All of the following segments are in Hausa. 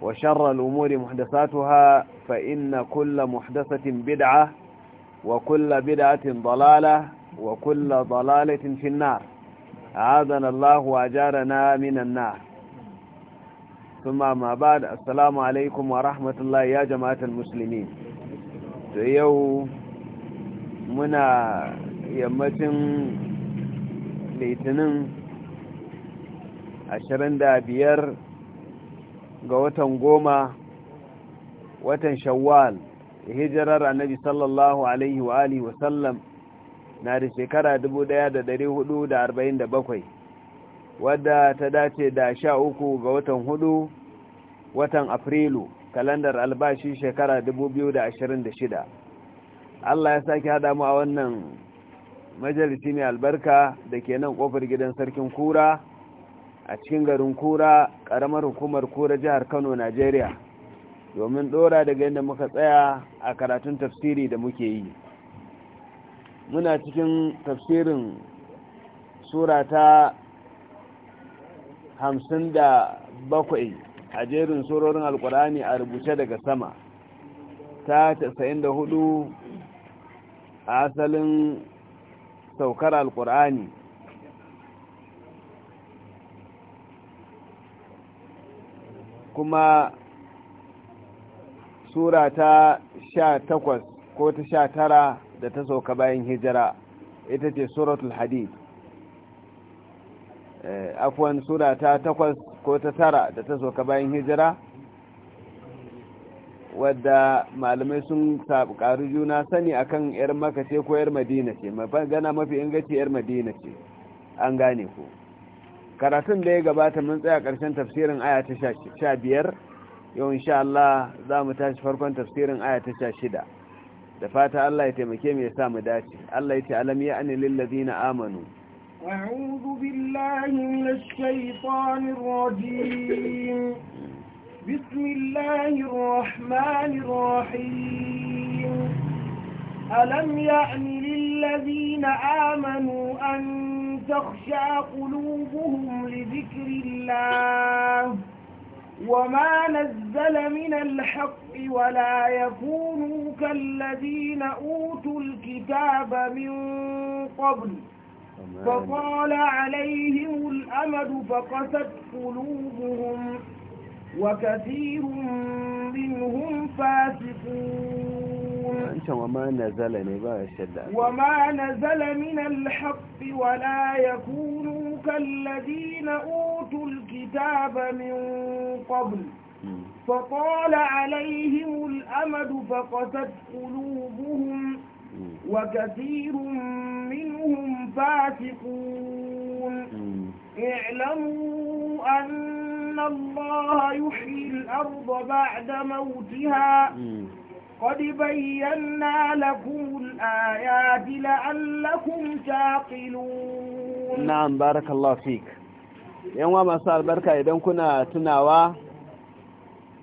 وشر الأمور محدثاتها فإن كل محدثة بدعة وكل بدعة ضلالة وكل ضلالة في النار أعاذنا الله وأجارنا من النار ثم ما بعد السلام عليكم ورحمة الله يا جماعة المسلمين يوم منا يمتن ليتنم 25 ga watan goma watan shawwal hijirar annabi sallallahu alaihi wa alihi wasallam na da shekara 1447 wadda ta dace da sha uku ga watan hudu watan afrilu kalandar albashi shekara 2026 Allah ya sake hada mu a wannan majalisi mai albarka da ke nan ƙofar gidan sarkin kura a cikin garin kura ƙaramar hukumar kura jihar kano najeriya domin ɗora daga yadda muka tsaya a karatun tafsiri da muke yi muna cikin tafsirin sura ta hamsin da bakwai a jerin surorin alkur'ani a rubuce daga sama ta casa'in da hudu a asalin saukar alkur'ani kuma sura ta sha takwas ko ta sha tara da ta sauka bayan hijira ita ce suratul hadid eh, afwan sura ta takwas ko ta tara da ta sauka bayan hijira wadda malamai sun karu juna sani akan yar maka ko yar madina ce gana mafi ingaci yar madina ce an gane ku karatun da ya gabata mun tsaya ƙarshen tafsirin aya ta sha biyar yau insha Allah za mu tashi farkon tafsirin aya ta sha shida da fata Allah ya taimake mu ya sa mu dace Allah ya ce alam ya ani lil ladina amanu a'udhu billahi minash shaitanir rajim bismillahir rahmanir rahim alam ya ani lil ladina amanu an تخشى قلوبهم لذكر الله وما نزل من الحق ولا يكونوا كالذين أوتوا الكتاب من قبل فطال عليهم الأمد فقست قلوبهم وكثير منهم فاسقون أنت وما نزل وما نزل من الحق ولا يكونوا كالذين أوتوا الكتاب من قبل فطال عليهم الأمد فقست قلوبهم وكثير منهم فاسقون اعلموا أن الله يحيي الأرض بعد موتها قد بينا لكم الآيات لعلكم تعقلون نعم بارك الله فيك yanwa masu albarka idan kuna tunawa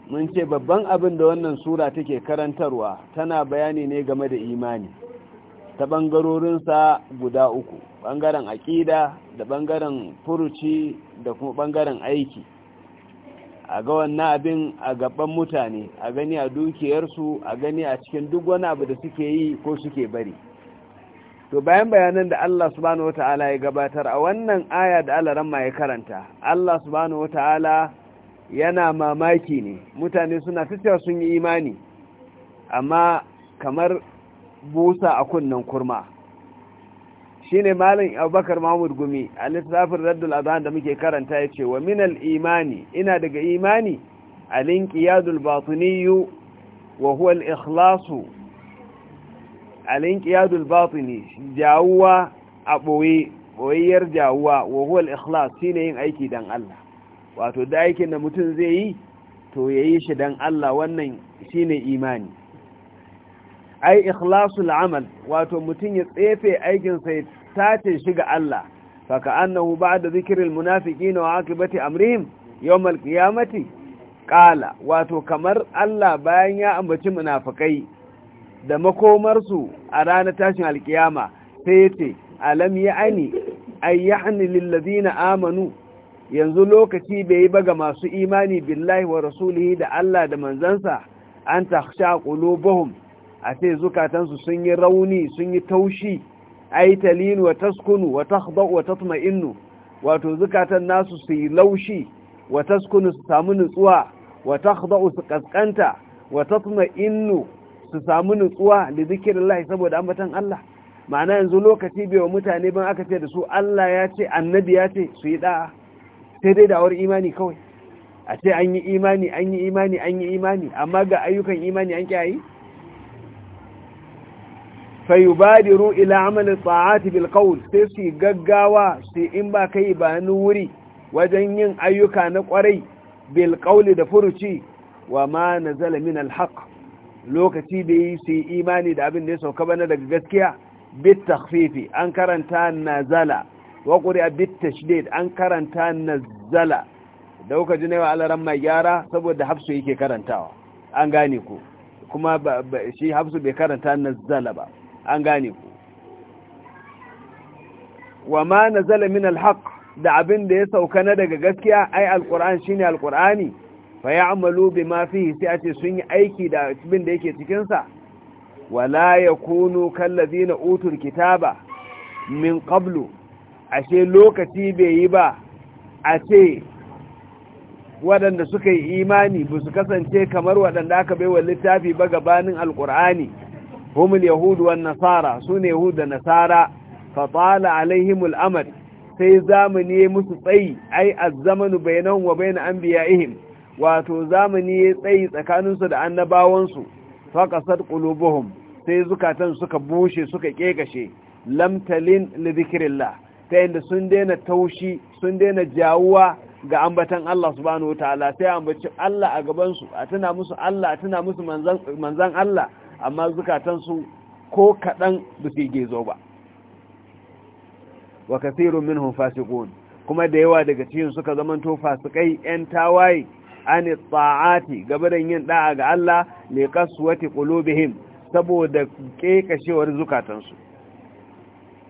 mun ce babban abin da wannan sura take karantarwa tana bayani ne game da imani ta ɓangarorinsa guda uku ɓangaren aƙida da ɓangaren furuci da kuma ɓangaren aiki a ga wannan abin a gaban mutane a gani a dukiyarsu a gani a cikin duk wani abu da suke yi ko suke bari to bayan bayanan da Allah subhanahu wata'ala ya gabatar a wannan aya da Allah ma ya karanta Allah subhanahu wata'ala yana mamaki ne mutane suna tattara sun yi imani amma kamar busa a kunnen kurma shine malin abubakar mahmud gumi a littafin raddul adhan da muke karanta ya ce wa minal imani ina daga imani yadul batiniyu wa ikhlasu a ikhlasu yadul batini jawuwa a ɓoye jawuwa wa huwal ikhlas shine yin aiki don Allah wato da aikin da mutum zai yi to ya yi shi don Allah wannan shine imani ai ikhlasul amal wato mutum ya tsefe aikin sai tace shi ga Allah ka annahu ba'da zikril munafiqin wa aqibati amrihim yawmal qiyamati qala wato kamar Allah bayan ya ambaci munafikai da makomarsu a ranar tashin alkiyama sai yace alam ya'ani ay yahni lil ladina amanu yanzu lokaci bai yi ba ga masu imani billahi wa rasulihi da Allah da manzansa an taksha qulubuhum a ce zukatansu sun yi rauni sun yi taushi yi talinu wa taskunu wa wa inu wato zukatan nasu su yi laushi wa taskunu su samu nutsuwa wa su ƙasƙanta wa inu su samu nutsuwa da zikirin saboda ambatan Allah ma'ana yanzu lokaci bai wa mutane ban aka ce da su Allah ya ce annabi ya ce su yi da'a sai dai da'awar imani kawai a ce an yi imani an yi imani an yi imani amma ga ayyukan imani an kyayi fayubadiru ila amali sa'ati bil qawl sai su gaggawa sai in ba kai ba ni wuri wajen yin ayyuka na kwarai bil qawli da furuci wa ma nazala min al haqq lokaci da yi su imani da abin da ya sauka bana daga gaskiya bit takhfifi an karanta nazala wa quri'a bit tashdid an karanta nazala da kuka ji wa alaran mai gyara saboda hafsu yake karantawa an gane ku kuma shi hafsu bai karanta nazala ba an gane ku wa ma nazala min alhaq da abin da ya sauka na daga gaskiya ai alquran shine alqurani fa ya'malu bima fihi sai a ce sun yi aiki da abin da yake cikin sa wala yakunu kallazina utul kitaba min qablu ashe lokaci bai yi ba a ce waɗanda suka yi imani ba su kasance kamar waɗanda aka bai wa littafi ba gabanin alƙur'ani humul yahudu wan nasara suna yahudu da nasara fa tala alaihimul amad sai zamani ya musu tsayi ai azzamanu bainahum wa bain anbiya'ihim wato zamani ya tsayi tsakaninsu da annabawansu fa qasat sai zukatan suka bushe suka kegashe lamtalin li dhikrillah ta yadda sun daina taushi sun daina jawuwa ga ambatan Allah subhanahu wataala sai ambaci Allah a gabansu a tuna musu Allah a tuna musu manzan Allah amma zukatansu ko kaɗan ba su gezo ba wa kasirun minhum fasiqun kuma da yawa daga cikin suka zamanto fasikai yan tawaye an ta'ati gaba da yin da'a ga Allah li qaswati qulubihim saboda kekashewar zukatansu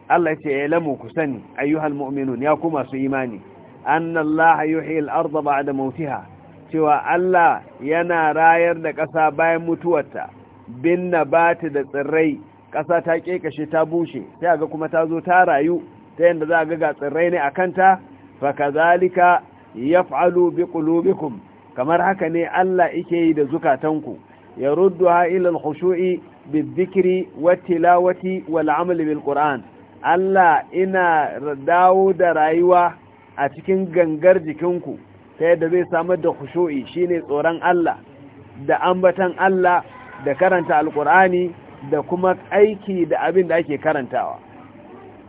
Allah ya ce ya lamu ku sani ayyuhal mu'minun ya kuma su imani anna Allah yuhyi al-ardha ba'da mawtiha cewa Allah yana rayar da ƙasa bayan mutuwarta bin bata da tsirrai ƙasa ta ƙeƙashe ta bushe sai ga kuma ta zo ta rayu ta yadda za a ga ga tsirrai ne a kanta fa ya fa’alu bi ƙulubikun kamar haka ne Allah ike yi da zukatanku ya ruddu hushu'i hushu’i khushui bidh lawati wal-'amali bil-Qur'an Allah ina dawo da rayuwa a cikin gangar jikinku ta yadda zai samar da shi shine tsoron Allah da ambatan Allah da karanta alkur'ani da kuma aiki da abin da ake karantawa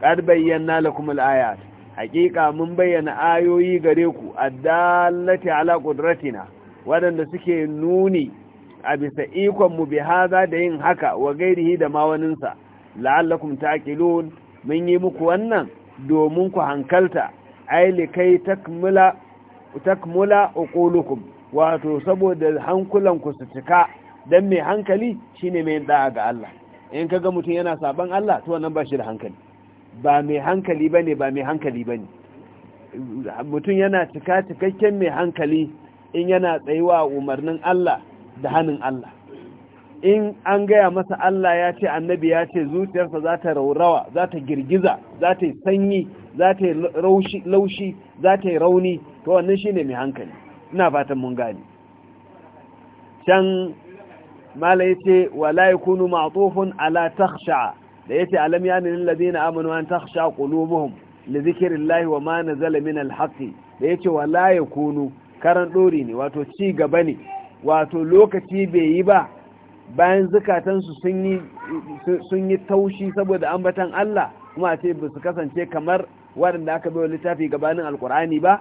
ƙar bayyana lakum Haƙiƙa haqiqa mun bayyana ayoyi gare ku addallati ala qudratina wadanda suke nuni a bisa ikon mu bi hada da yin haka wa gairihi da ma waninsa la'allakum taqilun mun yi muku wannan domin ku hankalta ai likai takmula takmula uqulukum wato saboda hankulanku su cika dan mai hankali shine mai da'a ga Allah in kaga mutum yana saban Allah to wannan ba shi da hankali ba mai hankali bane ba mai hankali bane mutum yana cika cikakken mai hankali in yana tsayuwa umarnin Allah da hannun Allah in an gaya masa Allah ya ce annabi ya ce zuciyarsa za ta raurawa za ta girgiza za ta sanyi za ta yi laushi za ta yi rauni to wannan shine mai hankali ina fatan mun gane can mala yace wala yakunu ma'tufun ala takhsha da yace alam yani lil ladina amanu an takhsha qulubuhum li dhikrillahi wa nazala min da yace wala yakunu karan dori ne wato ci gaba ne wato lokaci bai yi ba bayan su sun yi taushi saboda ambatan Allah kuma ce ba su kasance kamar waɗanda aka bai littafi gabanin alkur'ani ba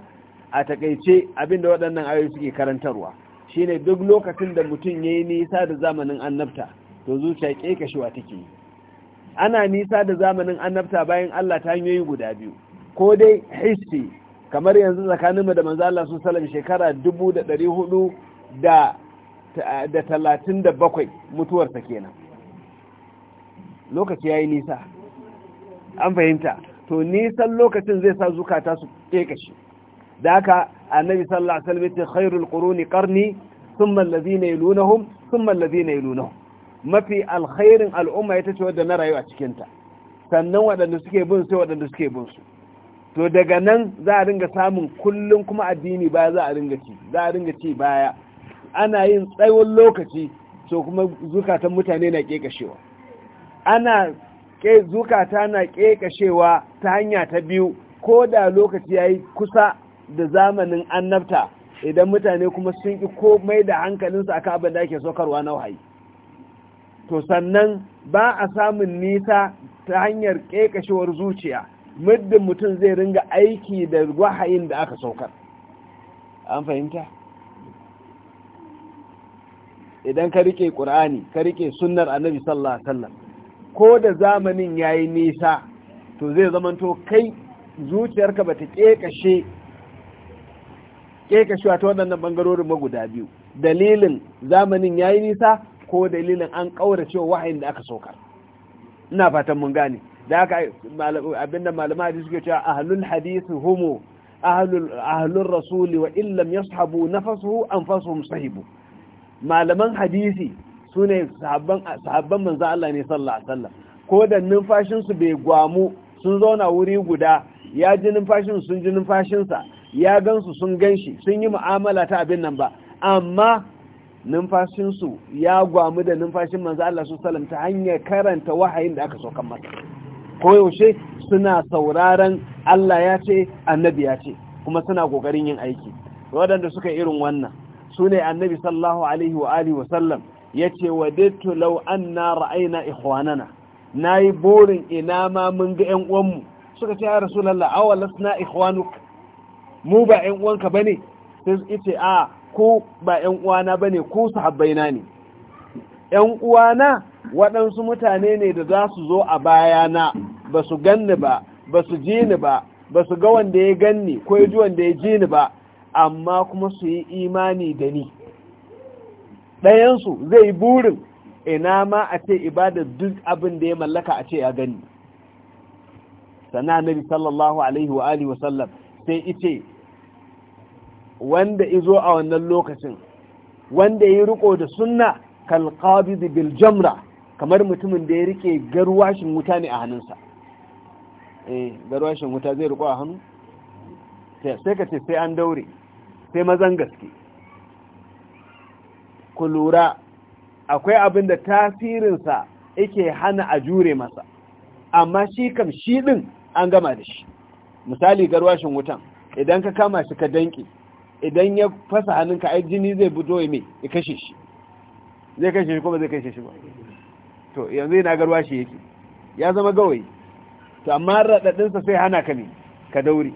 a takaice abinda waɗannan ayoyi suke karantarwa ne duk lokacin da mutum yi nisa da zamanin annabta to zuciya kekashewa take yi ana nisa da zamanin annabta bayan Allah ta hanyoyi guda biyu ko dai hissi kamar yanzu tsakaninmu da manzo Allah sun salam shekara dubu da da bakwai mutuwarsa kenan lokaci ya yi nisa an fahimta to nisan lokacin zai sa zukata su kekashe da aka annabi sallallahu alaihi wasallam yace khairul quruni qarni thumma alladhina yalunhum thumma alladhina yalunhum mafi alkhairin al'umma ita ce wadda na rayu a cikin ta sannan waɗanda suke bin sai waɗanda suke bin su to daga nan za a dinga samun kullum kuma addini baya za a dinga ci za a dinga ci baya ana yin tsawon lokaci to kuma zukatan mutane na kekashewa ana zukata na kekashewa ta hanya ta biyu ko da lokaci ya yi kusa da zamanin annabta idan mutane kuma sun ƙi komai da hankalinsu a abin da ake sokarwa na wahayi to sannan ba a samun nisa ta hanyar ƙeƙashewar zuciya muddin mutum zai ringa aiki da wahayin da aka saukar an fahimta idan ka rike ƙur'ani ka rike sunnar annabi sallallahu alaihi wasallam ko da zamanin yayi nisa to zai zamanto kai zuciyarka bata ƙeƙashe kekashewa ta waɗannan ɓangarorin maguda biyu dalilin zamanin ya yi nisa ko dalilin an ƙaurace wa wahayin da aka saukar ina fatan mun gane da aka abinda malama hadisi suke cewa ahalul hadisi homo ahlul rasuli wa illam fasuhu an fasuhu sahibu malaman hadisi su ne sahabban Allah ne sallallahu alaihi wasallam ko da numfashinsu bai gwamu sun zauna wuri guda ya ji numfashin sun ji numfashinsa ya gansu sun ganshi sun yi mu'amala ta abin nan ba amma numfashinsu ya gwamu da numfashin manzo Allah salam ta hanyar karanta wahayin da aka saukan masa koyaushe suna sauraron Allah ya ce annabi ya ce kuma suna kokarin yin aiki waɗanda suka irin wannan su ne annabi sallallahu alaihi wa alihi wasallam ya ce wa dittu lau anna ra'ayna ikhwanana nayi burin ina ma mun ga ƴan uwanmu suka ce ya rasulullah awalasna ikhwanuka mu ba ‘yan uwanka ba ne sai su ce a ko ba ‘yan uwana ba ne ko su habbaina ne ‘yan uwana waɗansu mutane ne da za su zo a bayana ba su ganni ba ba su ji ba ba su ga wanda ya ganni ko ya ji wanda ya ji ni ba amma kuma su yi imani da ni ɗayansu zai yi burin ina ma a ce ibada duk abin da ya mallaka a ce ya gani sana nabi sallallahu alaihi wa alihi sallam sai ice wanda izo a wannan lokacin wanda ya riko da sunna kal bil jamra kamar mutumin da ya rike garwashin wuta ne a hannunsa eh garwashin wuta zai riko a hannu sai ka ce sai an daure sai mazan gaske ku lura akwai abin da tasirinsa yake hana a jure masa amma shi kam shi din an gama da shi misali garwashin wutan idan ka kama shi ka danki idan ya fasa hannunka ai jini zai buto ya mai ya kashe shi zai kashe shi kuma zai kashe shi ba to yanzu yana garwa shi yake ya zama gawayi to amma raɗaɗinsa sai hana ka ne ka daure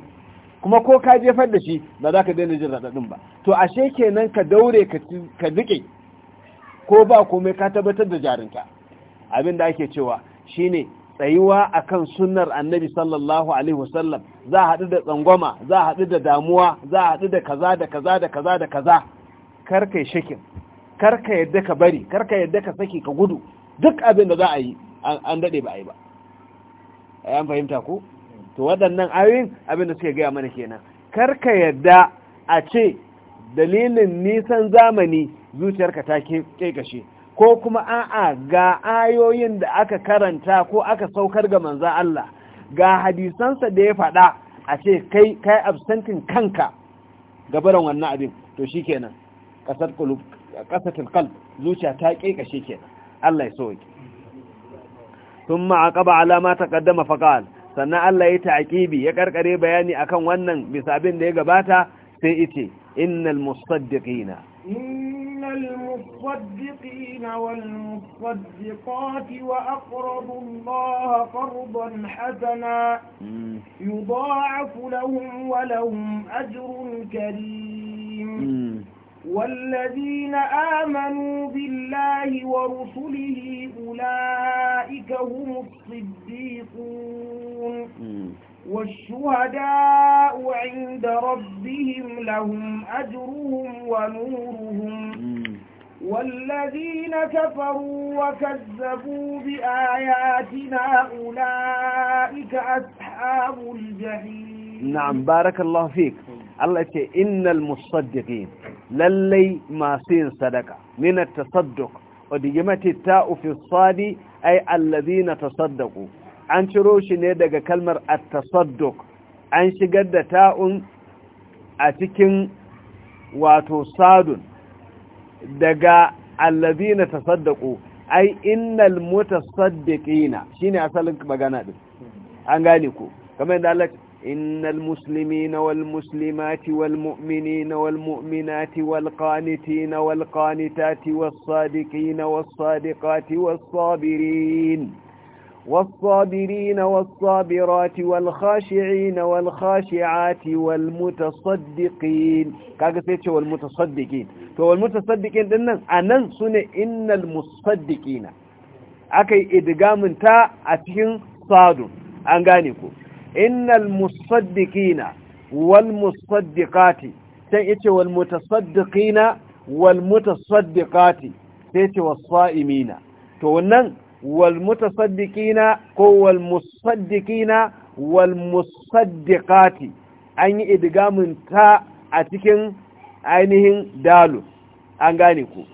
kuma ko ka jefar da shi ba za ka daina jin raɗaɗin ba to ashe kenan ka daure ka duke ko ba komai ka tabbatar da jarinta abin da ake cewa shine tsayuwa akan sunar annabi sallallahu alaihi wasallam za haɗu da tsangwama za a haɗu da damuwa za a haɗu da kaza da kaza da kaza da kaza karka shakin karka yadda ka bari karka yadda ka saki ka gudu duk abin da za a yi an daɗe ba a yi ba an fahimta ko to waɗannan ayoyin abin da suke gaya mana kenan karka yadda a ce dalilin nisan zamani zuciyarka ta kashe ko kuma a'a ga ayoyin da aka karanta ko aka saukar ga manza Allah ga hadisansa da ya faɗa a ce kai kai absentin kanka gabaran wannan abin to kenan kasar kulub kasatul zuciya ta kekashe kenan Allah ya soke thumma aqaba ala ma taqaddama faqal sannan Allah ya ta'kibi ya ƙarƙare bayani akan wannan bisa abin da ya gabata sai yace innal musaddiqina المصدقين والمصدقات وأقرضوا الله قرضا حسنا يضاعف لهم ولهم أجر كريم والذين آمنوا بالله ورسله أولئك هم الصديقون والشهداء عند ربهم لهم أجرهم ونورهم والذين كفروا وكذبوا بآياتنا أولئك أصحاب الجحيم نعم بارك الله فيك الله يقول إن المصدقين للي ما سين صدقة من التصدق ودي جمتي التاء في الصاد أي الذين تصدقوا an ciro shi ne daga kalmar at-tasadduq an shigar da ta'un a cikin wato sadun daga allazina tasaddaqu ai innal mutasaddiqina shine asalin magana din an gane ku kamar yadda Allah innal muslimina wal muslimati wal mu'minina wal mu'minati wal qanitina wal qanitati was sadiqina was sadiqati was sabirin والصابرين والصابرات والخاشعين والخاشعات والمتصدقين kaga sai ce walmutasaddiqin to walmutasaddiqin dinnan anan sune innal musaddiqina akai idgamin ta a cikin sadu an gane ku innal musaddiqina walmusaddiqati sai wal walmutasaddiqina walmutasaddiqati sai ce was to wannan wal mutasaddiqina ko wal musaddiqina an yi idgamin ta a cikin ainihin dalu an gane ku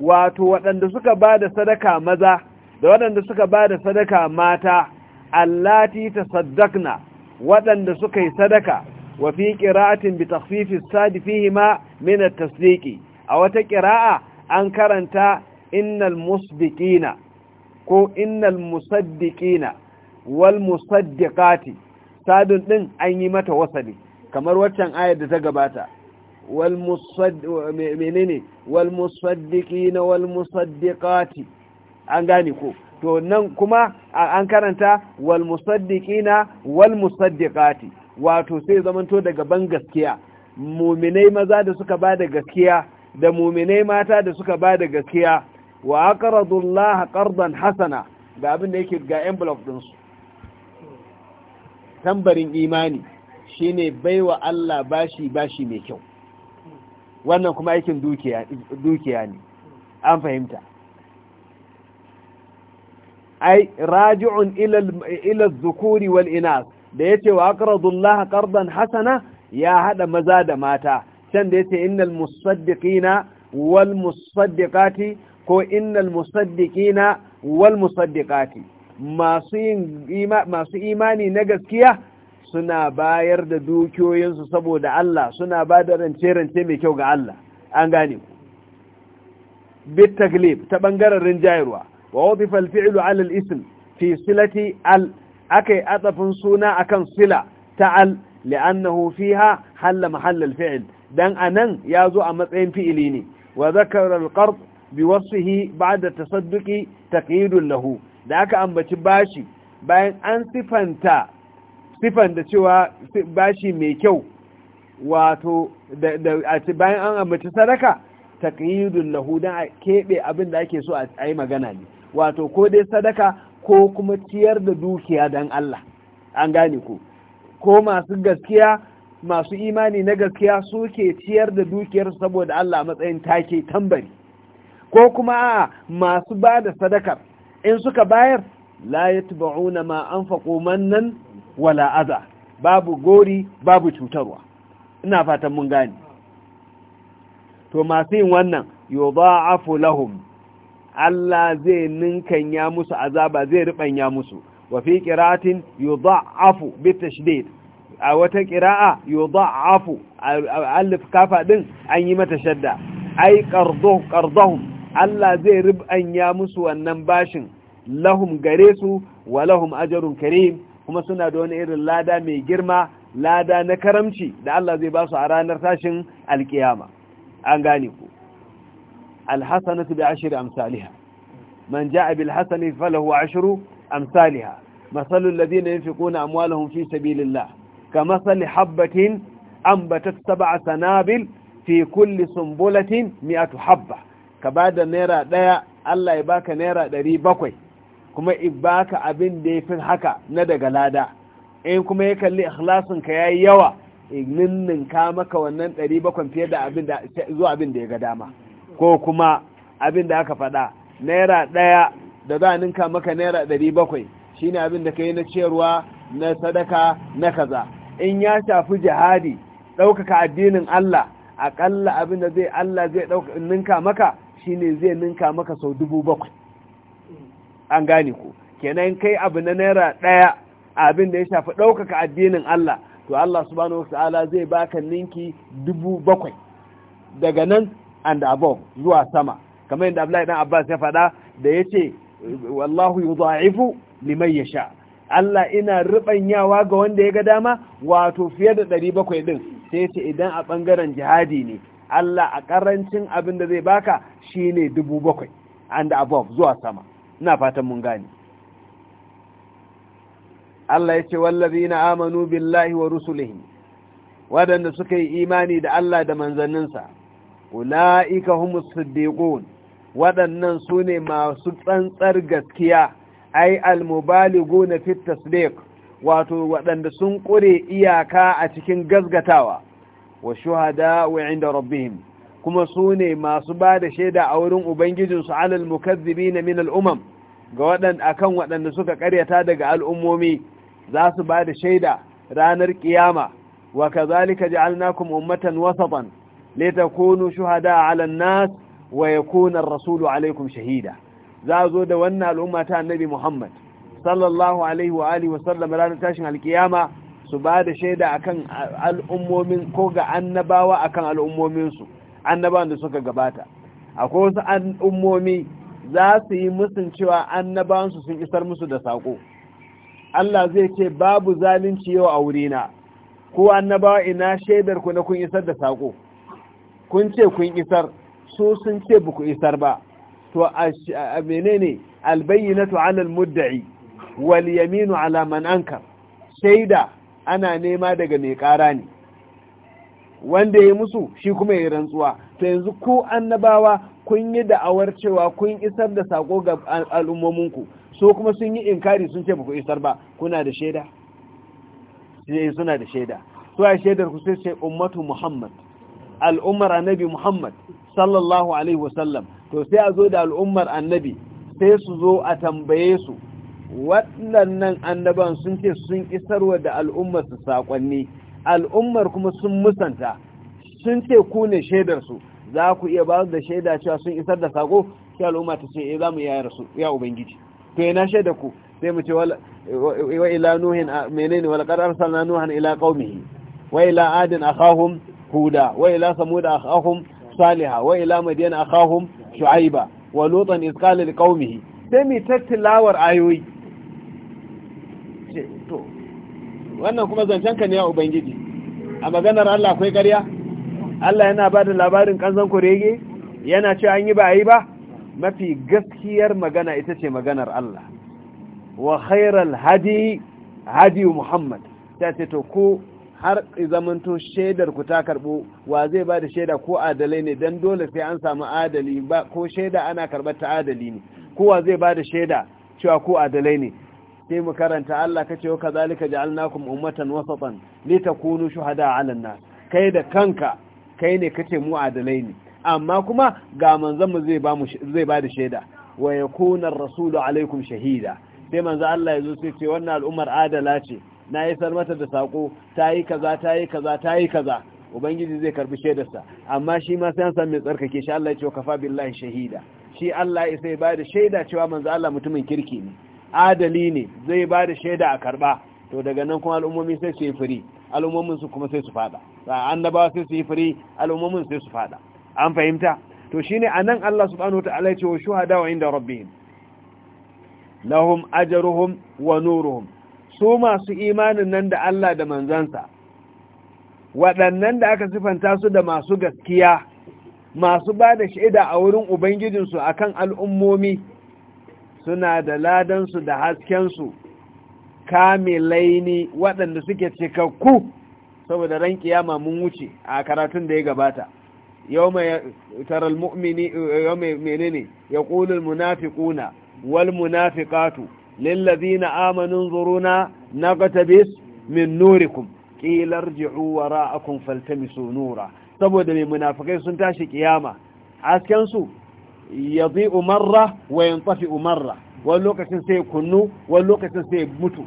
wato waɗanda suka ba da sadaka maza da waɗanda suka ba da sadaka mata allati tasaddaqna waɗanda suka yi sadaka wa fi qira'atin bi takhfifis sadi fihima min at-tasdiqi a wata qira'a an karanta innal musbiqina ko innal musaddiqina wal musaddiqati sadun din an yi mata wasali kamar waccan ayar da ta gabata wal menene wal musaddiqina wal musaddiqati an gane ko to nan kuma an karanta wal musaddiqina wal musaddiqati wato sai zamanto daga ban gaskiya muminai maza da suka bada gaskiya da muminai mata da suka ba da gaskiya wa Allah qardan hasana ga abin da yake ga envelope din su tambarin imani shine baiwa Allah bashi bashi mai kyau wannan kuma aikin dukiya dukiya ne an fahimta ai raji'un ila ila dhukuri wal inas da yace wa Allah qardan hasana ya hada maza da mata can da yace innal musaddiqina wal musaddiqati ko innal musaddiqina wal musaddiqati masu yin masu imani na gaskiya suna bayar da dukiyoyinsu saboda Allah suna ba da rance-rance mai kyau ga Allah an gane ku bit taglib ta bangaren rinjayarwa wa wazifa al-fi'lu 'ala al-ism fi silati al akai atafin suna akan sila ta al li'annahu fiha halla mahall al-fi'l dan anan yazo a matsayin fi'ili ne wa zakara al-qard biwasfihi ba'da tasadduqi taqidun lahu da aka ambaci bashi bayan an sifanta sifan da cewa bashi mai kyau wato da bayan an ambaci sadaka taqidun lahu da kebe abin da ake so a yi magana ne wato ko dai sadaka ko kuma ciyar da dukiya dan Allah an gane ku ko masu gaskiya masu imani na gaskiya suke ciyar da dukiyar saboda Allah matsayin take tambari ko kuma masu ba da sadakar in suka bayar la una ma anfaqu mannan wala babu gori babu cutarwa ina fatan mun gane to masu yin wannan Afu lahum Allah zai ninkan ya musu azaba zai ya musu wa fi qira'atin yudha'afu bitashdid a wata qira'a a alif kafa ɗin an yi mata shadda ai qarduh Allah zai ribanya musu wannan bashin lahum gare su wa lahum ajarun karim kuma suna da wani irin lada mai girma lada na karamci da Allah zai ba su a ranar tashin alkiyama an gane ku alhasanatu bi ashri amsalha man jaa bil hasani falahu ashru amsalha masalu alladhina yunfiquna amwalahum fi sabilillah kamathali habatin anbatat sab'a sanabil fi kulli sunbulatin mi'atu habba ka ba da naira ɗaya Allah ya baka naira ɗari bakwai kuma baka abin da ya fi haka na daga lada in kuma ya kalli ikhlasin ka yayi yawa ninnin ka maka wannan ɗari bakwai fiye da abin da zuwa abin da ya ga dama ko kuma abin da aka faɗa naira ɗaya da za a ninka maka naira ɗari bakwai shine abin da ka yi na ciyarwa na sadaka na kaza in ya shafi jihadi ɗaukaka addinin Allah aƙalla abin da zai Allah zai ninka maka ne zai ninka maka sau dubu bakwai an gane ku kenan kai abu na naira ɗaya abin da ya shafi ɗaukaka addinin Allah to Allah subhanahu wa ta'ala zai baka ninki dubu bakwai daga nan and above zuwa sama kamar yadda Abdullahi dan Abbas ya faɗa da yace wallahu yudha'ifu liman yasha Allah ina rubanyawa ga wanda ya ga dama wato fiye da ɗari bakwai din sai yace idan a bangaren jihadi ne Allah a ƙarancin abin da zai baka shine dubu bakwai and above zuwa sama ina fatan mun gane Allah ya ce na amanu billahi wa rusulihi wadanda suka yi imani da Allah da manzanninsa ulaika humus siddiqun wadannan ne masu tsantsar gaskiya ai almubaliguna fit tasdiq wato waɗanda sun kure iyaka a cikin gazgatawa wa shuhada wa inda rabbihim kuma su ne masu ba da shaida a wurin ubangijinsu alal mukazzibi na min al'umam ga waɗanda akan waɗanda suka karyata daga al'ummomi za su ba da shaida ranar kiyama wa kazalika ja'alnakum ummatan wasatan litakunu shuhada 'ala an-nas wa yakuna ar-rasulu 'alaykum shahida za zo da wannan al'umma ta annabi Muhammad sallallahu alaihi wa alihi wa sallam ranar tashin alkiyama su ba da shaida akan al'ummomin ko ga annabawa a kan al'ummominsu annabawan da suka gabata akwai wasu al'ummomi za su yi musun cewa annabawansu sun isar musu da saƙo Allah zai ce babu zalunci yau a wurina ko annabawa ina shaidar ku na kun isar da saƙo kun ce kun isar su sun ce buku isar ba to a menene albayyinatu alal mudda'i wal yaminu ala man ankar shaida ana nema daga mai ƙara ne wanda ya musu shi kuma ya rantsuwa to yanzu ku annabawa kun yi da'awar cewa kun isar da sako ga al'ummominku so kuma sun yi inkari sun ce ba ku isar ba kuna da shaida sai suna da shaida su a shaidar ku sai ce ummatu muhammad al'ummar annabi muhammad sallallahu alaihi wasallam to sai a zo da al'ummar annabi sai su zo a tambaye su waɗannan annaban sun ce sun isarwa da al'ummar su saƙonni al'ummar kuma sun musanta sun ce ku ne shaidarsu za ku iya ba da shaida cewa sun isar da saƙo Shi al'umma ta ce eh, za mu yayar su ya ubangiji to yana shaida ku sai mu ce wa ila nuhin menene wal qad arsalna nuhan ila qaumihi wa ila adin akhahum huda wa ila samud akhahum salihah wa ila madyan akhahum shu'aiba wa lutan iz qala liqaumihi sai mi tattilawar ayoyi ce to wannan kuma zancen ka ne ya ubangiji a maganar Allah akwai ƙarya Allah yana ba da labarin kanzan kurege yana ce an yi ba a yi ba mafi gaskiyar magana ita ce maganar Allah wa khairal hadi hadi Muhammad ta ce to ko har zamanto shaidar ku ta karbo wa zai ba da shaida ko adalai ne dan dole sai an samu adali ba ko shaida ana karbar ta adali ne kowa zai ba da shaida cewa ko adalai ne sai mu karanta Allah kace wa kazalika ja'alnakum ummatan wasatan litakunu shuhada 'alan nas kai da kanka kai ne kace mu adalai ne amma kuma ga manzon mu zai ba mu zai ba da shaida wa yakuna ar-rasulu 'alaykum shahida sai manzo Allah yazo sai ce wannan al'ummar adala ce na yi mata da sako ta yi kaza ta yi kaza ta yi kaza ubangiji zai karbi shaidarsa amma shi ma sai an san mai tsarkake shi Allah ya ce wa kafa billahi shahida shi Allah ya sai ba da shaida cewa manzo Allah mutumin kirki ne adali ne zai ba da shaida a karba to daga nan kuma al'ummomi sai su yi firi al'ummomin su kuma sai su fada annabawa sai su yi firi al'ummomin sai su fada an fahimta to shine anan Allah subhanahu wa ta'ala ce wa shuhada wa inda rabbihim lahum ajruhum wa nuruhum su masu imanin nan da Allah da manzansa waɗannan da aka sifanta su da masu gaskiya masu ba da shaida a wurin ubangijinsu akan al'ummomi suna da ladansu da haskensu kamilaini waɗanda suke cikakku saboda ran kiyama mun wuce a karatun da ya gabata yau mai taral mu'mini yau mai menene ya ƙulul munafiƙuna wal lillazi na amanin zuruna gatabis min nurikum qila irji'u faltami faltamisu nura saboda mai munafikai sun tashi kiyama haskensu. yadhi umarra wa yantafi umarra wani lokacin sai kunnu wani lokacin sai mutu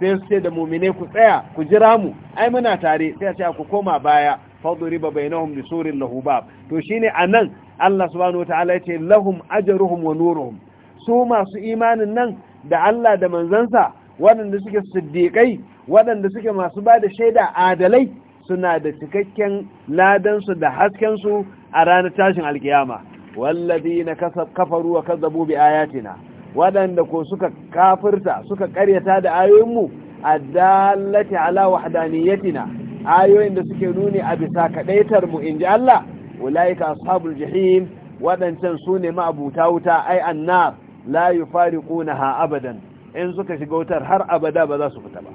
sai su da mumine ku tsaya ku jira mu ai muna tare sai a ce ku koma baya faduri ba bainahum bi surin lahu bab to shine anan Allah subhanahu wataala yace lahum ajruhum wa nuruhum su masu imanin nan da Allah da manzansa waɗanda suke siddiƙai waɗanda suke masu ba da shaida adalai suna da cikakken ladansu da haskensu a ranar tashin alkiyama wa كفروا bi ayatina Wadanda ko suka kafirta suka karyata da ayoyinmu a dalati ala wahdaniyatina ayoyin da suke nuni a bisa kadaitar mu inji Allah ulaika ashabul jahim waɗancan sune ne ma'abuta wuta ai annar la yufariqunaha abadan in suka shiga wutar har abada ba za su fita ba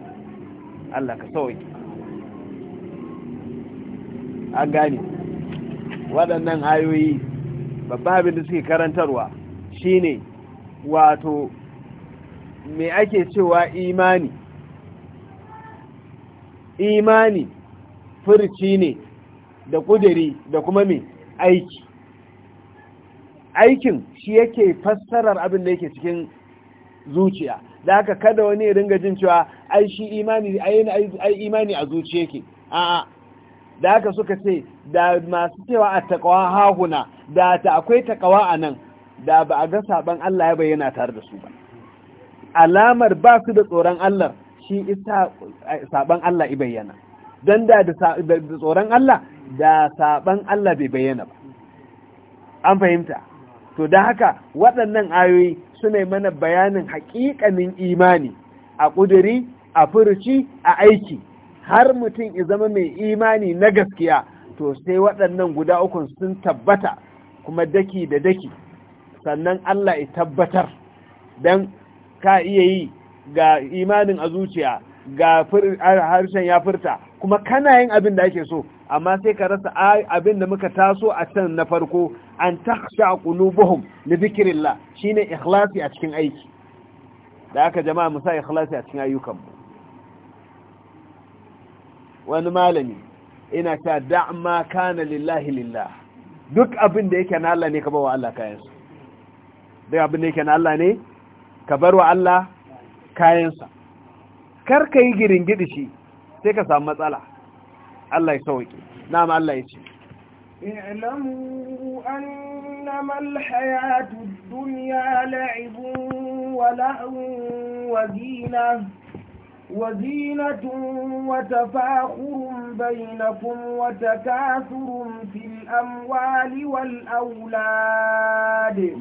Allah ka sauki an gani waɗannan ayoyi babba abin da suke karantarwa shine wato me ake cewa imani imani furci ne da kudiri da kuma me aiki aikin shi yake fassarar abin da yake cikin zuciya da haka kada wani ya ringa jin cewa ai shi imani ai imani a zuciya yake a'a da haka suka ce da masu cewa a taqwa hahuna da ta akwai takawa a nan da ba a ga saban Allah ya bayyana tare da su ba alamar ba su da tsoron Allah shi isa saban Allah ibayyana. don da da tsoron Allah da saban Allah bai bayyana ba an fahimta to da haka waɗannan ayoyi suna mana bayanin haƙiƙanin imani a ƙuduri a furuci a aiki har mutum ya zama mai imani na gaskiya to sai waɗannan guda ukun sun tabbata kuma daki da daki sannan Allah ya tabbatar don ka iya yi ga imanin a zuciya ga harshen ya furta kuma kana yin abin da ake so amma sai ka rasa abin da muka taso a can na farko an taksha qulubuhum li shi shine ikhlasi a cikin aiki da aka jama'a musa ikhlasi a cikin ayyukan wani malami ina ta da'ma kana lillahi lillah duk abin da yake na Allah ne ka bar wa Allah kayansa duk abin da yake na Allah ne ka bar wa Allah kayansa kar ka yi giringidi shi sai ka samu matsala Allah ya sauke na'am Allah ya ce i'lamu annama al dunya la'ibun wa la'un wa zinah وزينة وتفاخر بينكم وتكاثر في الأموال والأولاد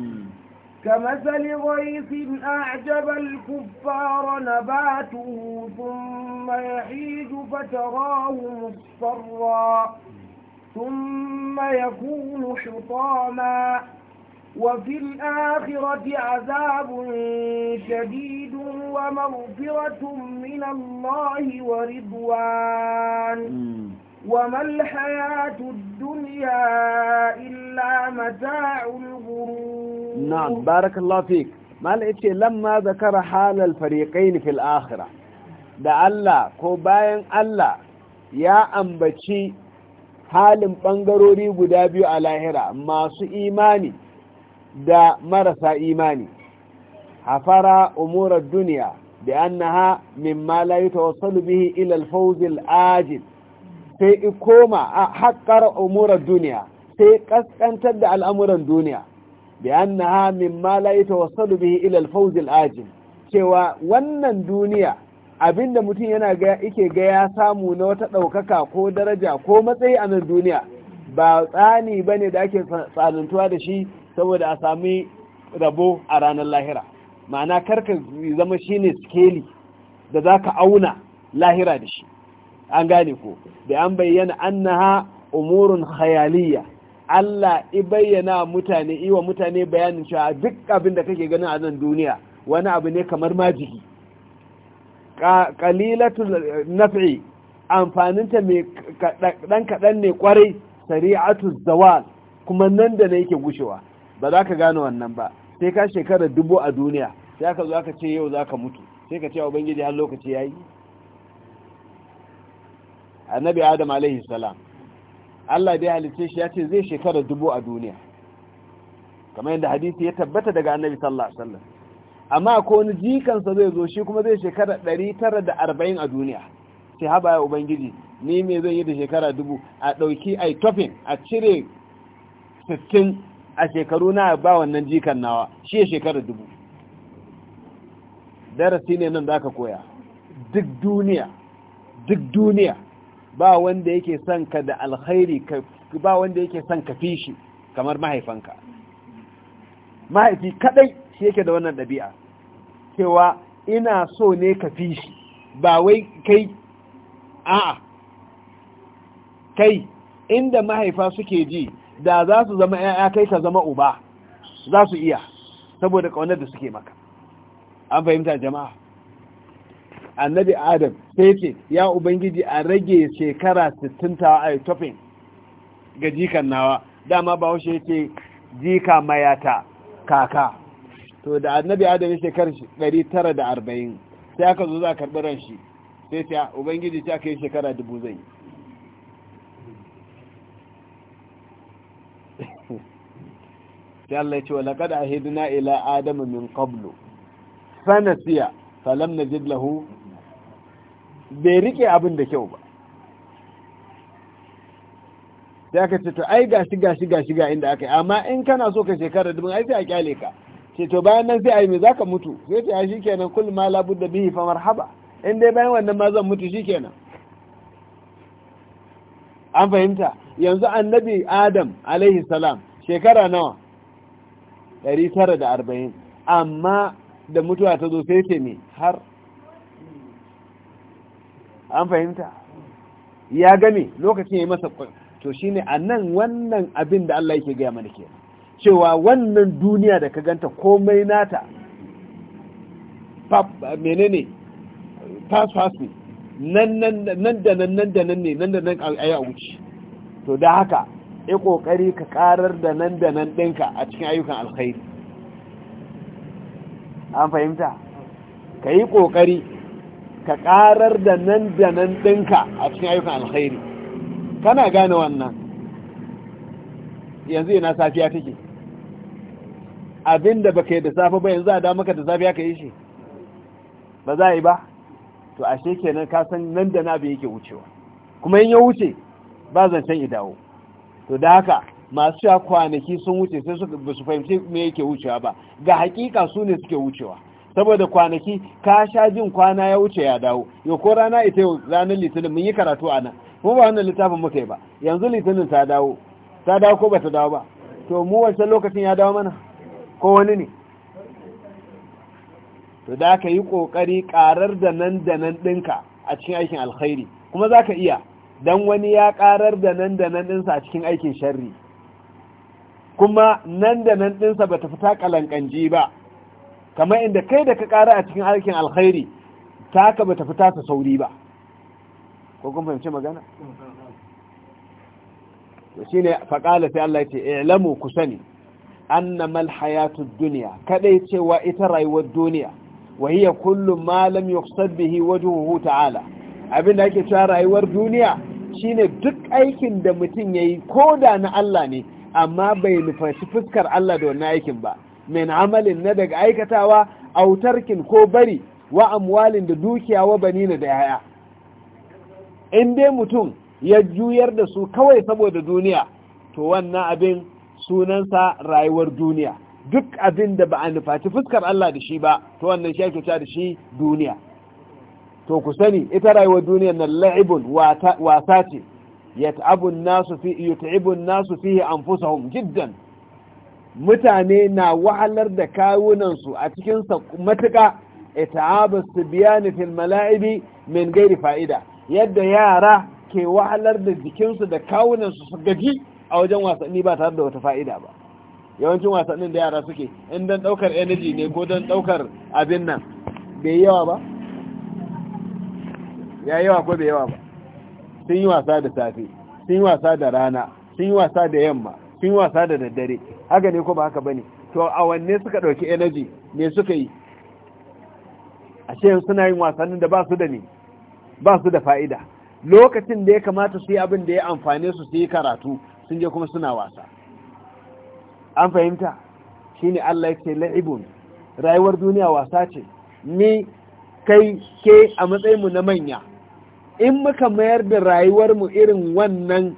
كمثل غيث أعجب الكفار نباته ثم يحيد فتراه مصفرا ثم يكون حطاما وفي الآخرة عذاب شديد ومغفرة من الله ورضوان وما الحياة الدنيا إلا متاع الغرور نعم بارك الله فيك ما لقيتي لما ذكر حال الفريقين في الآخرة da Allah ko bayan Allah ya ambaci halin ɓangarori guda biyu a lahira masu imani da marasa imani hafara umurar duniya da annaha mimma la tawassalu bihi ila al-fawz al-ajil sai i koma a haƙar umurar duniya sai ƙasƙantar da al'amuran duniya da yan na ha min malayi ta wasu bihi ilal fauzil ajin cewa wannan duniya abinda mutum yana ike ga ya samu na wata ɗaukaka ko daraja ko matsayi a nan duniya ba tsani ba ne da ake tsanantuwa da shi saboda a sami rabo a ranar lahira ma'ana karka zama shine skeli da za ka auna lahira da shi an gane ko da an bayyana annaha umurun khayaliya Allah i bayyana mutane iwa mutane bayanin cewa duk abin da kake ganin a nan duniya wani abu ne kamar majiji qalilatul naf'i amfaninta mai dan kadan ne kwarai sari'atu zawal kuma nan da ne yake gushewa ba za ka gane wannan ba sai ka shekara dubu a duniya sai ka zo ka ce yau za ka mutu sai ka ce ubangiji har lokaci yayi annabi adam alaihi salam Allah da ya shi ya ce zai shekara dubu a duniya kamar yadda hadisi ya tabbata daga annabi sallallahu alaihi wasallam amma ko wani jikansa zai zo shi kuma zai shekara 940 a duniya sai haba ya ubangiji ni me zai yi da shekara dubu a dauki ai topping a cire 60 a shekaru na ba wannan jikan nawa shi shekara dubu darasi ne nan da aka koya duk duniya duk duniya ba wanda yake son ka da alkhairi ba wanda yake son ka fishi kamar mahaifanka mahaifi kadai shi yake da wannan dabi'a cewa ina so ne ka fishi shi ba wai kai a'a kai inda mahaifa suke ji da za su zama ‘ya'ya kai ka zama uba za su iya saboda ƙaunar da suke maka an fahimta jama'a annabi adam sai ce ya ubangiji a rage shekara 60 ta a tofin ga jikan nawa dama ba washe ce jika mayata kaka to da annabi adam ya shekar 940 sai aka zo za a karɓi ran shi sai ce ubangiji ta kai shekara dubu zai sai Allah ya ce wa laqad ahidna ila Adamu min qablu fanasiya falam najid lahu bai rike abin da kyau ba sai aka ce to ai shi ga shi ga inda aka yi amma in kana so ka shekara dubin ai sai a kyale ka ce to bayan nan sai ai me zaka mutu sai ta shi kenan kullu ma la budda bihi fa marhaba in dai bayan wannan ma zan mutu shi kenan an fahimta yanzu annabi adam alaihi salam shekara nawa 940 amma da mutuwa ta zo sai ce ne har an fahimta ya gani lokacin ya yi masa to shi ne a nan wannan abin da Allah yake gaya mana ke cewa wannan duniya da ka ganta komai nata menene pass pass ne nan da nan nan da nan ne nan da nan a yi a wuce to da haka ya kokari ka karar da nan da nan ɗinka a cikin ayyukan alkhairi an fahimta ka yi kokari ka karar da nan da nan ɗinka a cikin ayyukan alkhairi kana gane wannan yanzu ina safiya take abinda da baka yi da safe ba yanzu a da maka da safiya ka yi shi ba za a yi ba to ashe kenan ka san nan da na yake wucewa kuma in ya wuce ba zancen idawo to da haka masu sha kwanaki sun wuce sai su fahimci me yake wucewa ba ga hakika su ne suke wucewa saboda kwanaki ka sha jin kwana ya wuce ya dawo yau ko rana ita yau ranar litinin mun yi karatu a nan mu ba wannan littafin muka yi ba yanzu litinin ta dawo ta dawo ko ba ta dawo ba to mu wancan lokacin ya dawo mana ko wani ne to da ka yi ƙoƙari karar da nan da nan ɗinka a cikin aikin alkhairi kuma za ka iya don wani ya karar da nan da nan ɗinsa a cikin aikin sharri kuma nan da nan ɗinsa ba ta fita kalankanji ba kamar inda kai da ka ƙara a cikin harkin alkhairi ta haka ba ta fita ta sauri ba ko kun fahimci magana to shine faqala sai Allah yace i'lamu kusani annama alhayatud dunya kadai cewa ita rayuwar duniya wa hiya kullu ma lam yuqsad bihi wajhuhu ta'ala abinda yake cewa rayuwar duniya shine duk aikin da mutum yayi koda na Allah ne amma bai nufaci fuskar Allah da wannan aikin ba min amalin na daga aikatawa a autarkin ko bari wa amwalin da dukiya wa bani na da yaya in dai mutum ya juyar da su kawai saboda duniya to wannan abin sunansa rayuwar duniya duk abin da ba a nufaci fuskar Allah da shi ba to wannan shi ake da shi duniya to ku sani ita rayuwar duniya nan la'ibun wasa ce abun nasu fi abun nasu fusa anfusahum jiddan mutane na wahalar da kawunansu a cikin matuƙa ita'abas su biya nufin mala'ibi min gairi fa'ida yadda yara ke wahalar da jikinsu da kawunansu su gaji a wajen wasanni ba tare da wata fa'ida ba yawancin wasannin da yara suke in don ɗaukar energy ne ko don ɗaukar abin nan bai yawa ba ya yawa ko bai yawa ba sun yi wasa da safe sun yi wasa da rana sun yi wasa da yamma sun yi wasa da daddare haka ne ko ba haka bane to a wanne suka ɗauki energy me suka yi a ce suna yin wasannin da ba su da ne ba su da fa'ida lokacin da ya kamata su yi abin da ya amfane su su yi karatu sun je kuma suna wasa an fahimta Shi ne Allah ya ce la'ibun rayuwar duniya wasa ce ni kai ke a matsayin mu na manya in muka mayar da rayuwar mu irin wannan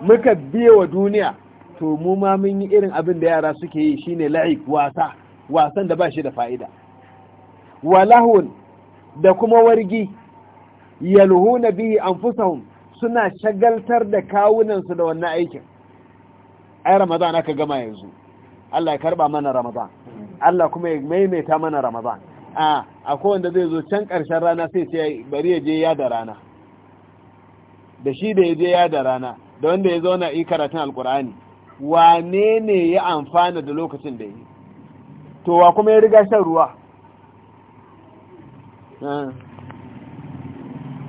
muka biye wa duniya to mu ma mun yi irin abin da yara suke yi shine la'ib wasa wasan da ba shi da fa'ida walahun da kuma wargi yalhuna bihi anfusahum suna shagaltar da kawunan su da wannan aikin ai ramadan aka gama yanzu Allah ya karba mana ramadan Allah kuma ya maimaita mana ramadan a akwai wanda zai zo can karshen rana sai sai bari ya je ya da rana da shi da ya je ya da rana da wanda ya zauna yi karatun alkur'ani wane ne ya amfana da lokacin da yi to wa kuma ya riga shan ruwa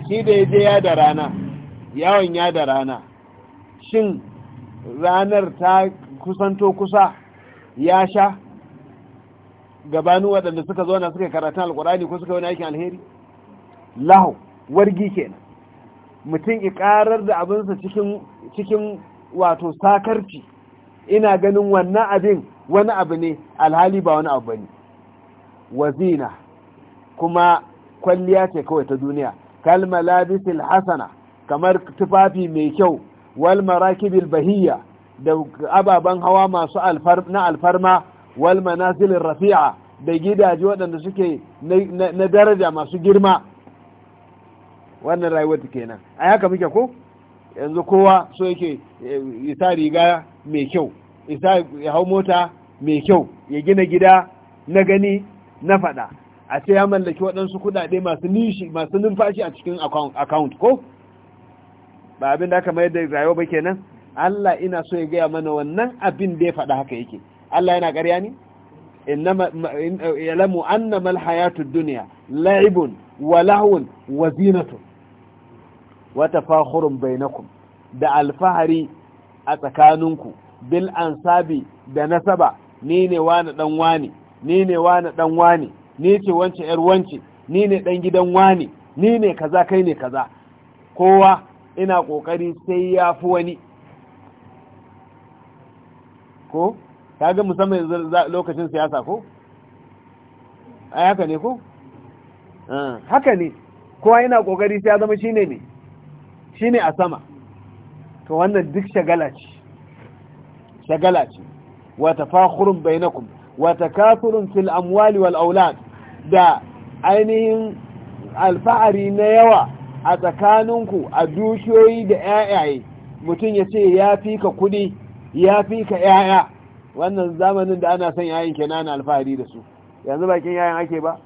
shi da ya je ya da rana yawon ya da rana shin ranar ta kusanto kusa ya sha gabanu waɗanda suka zo na suka karatun alkurani ko suka yi wani aikin alheri lahu wargi kenan mutum ikarar da abinsa cikin wato sakarci ina ganin wannan abin wani abu ne alhali ba wani abu ba bane wazina kuma kwalliya ce kawai ta duniya kalmala bisil hasana kamar tufafi mai kyau wal marakibil bahiyya da ababen hawa masu na alfarma wal rafi'a da gidaje waɗanda suke na daraja masu girma wannan rayuwar kenan a haka muke ko yanzu kowa so yake eh, yi ta riga mai kyau isa ya hau mota mai kyau ya gina gida na gani na faɗa a ce ya mallaki waɗansu kuɗaɗe masu nishi masu numfashi a cikin account ko ba abin da aka mayar da rayuwa ba kenan Allah ina so ya gaya mana wannan abin da ya faɗa haka yake Allah yana ƙarya ne yalamu annamal hayatud duniya, la'ibun wa wa zinatun da alfahari a tsakaninku bil ansabi da nasaba ni ne wani dan wani ni ne wani dan wani ni ce wance yar wance ni ne dan gidan wani ni ne kaza kai ne kaza kowa ina kokari sai ya fi wani ko kaga musamman lokacin siyasa ko ai haka ne ko ah, haka ne kowa ina kokari sai ya zama shine ne shine a sama to wannan duk shagala ce shagala ce wa tafakhurun bainakum wa takathurun fil amwali wal aulad da ainihin alfa'ari na yawa a tsakaninku a dukiyoyi da yayaye mutum ya ce ya fi ka kudi ya fi ka yaya wannan zamanin da ana son yayin kenan alfahari da su yanzu bakin yayin ake ba